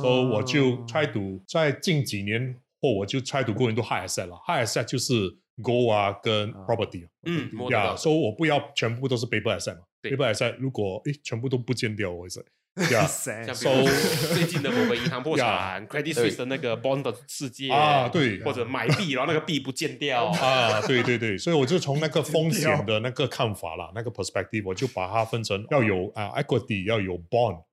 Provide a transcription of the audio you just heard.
所以我就 try to 在近幾年後我就 try to go into hard asset 了。hard asset 就是 gold 啊跟 property。嗯，冇錯。呀，所以我不要全部都是 paper asset 嘛 paper asset 如果誒全部都不見掉我意思。b 呀，所以最近的某個銀行破產，Credit Suisse 的那個 bond 的事件。啊，對。或者買幣，然後那個幣不見掉。啊，對對對，所以我就從那個風險的那個看法啦，那個 perspective 我就把它分成要有啊 equity 要有 bond。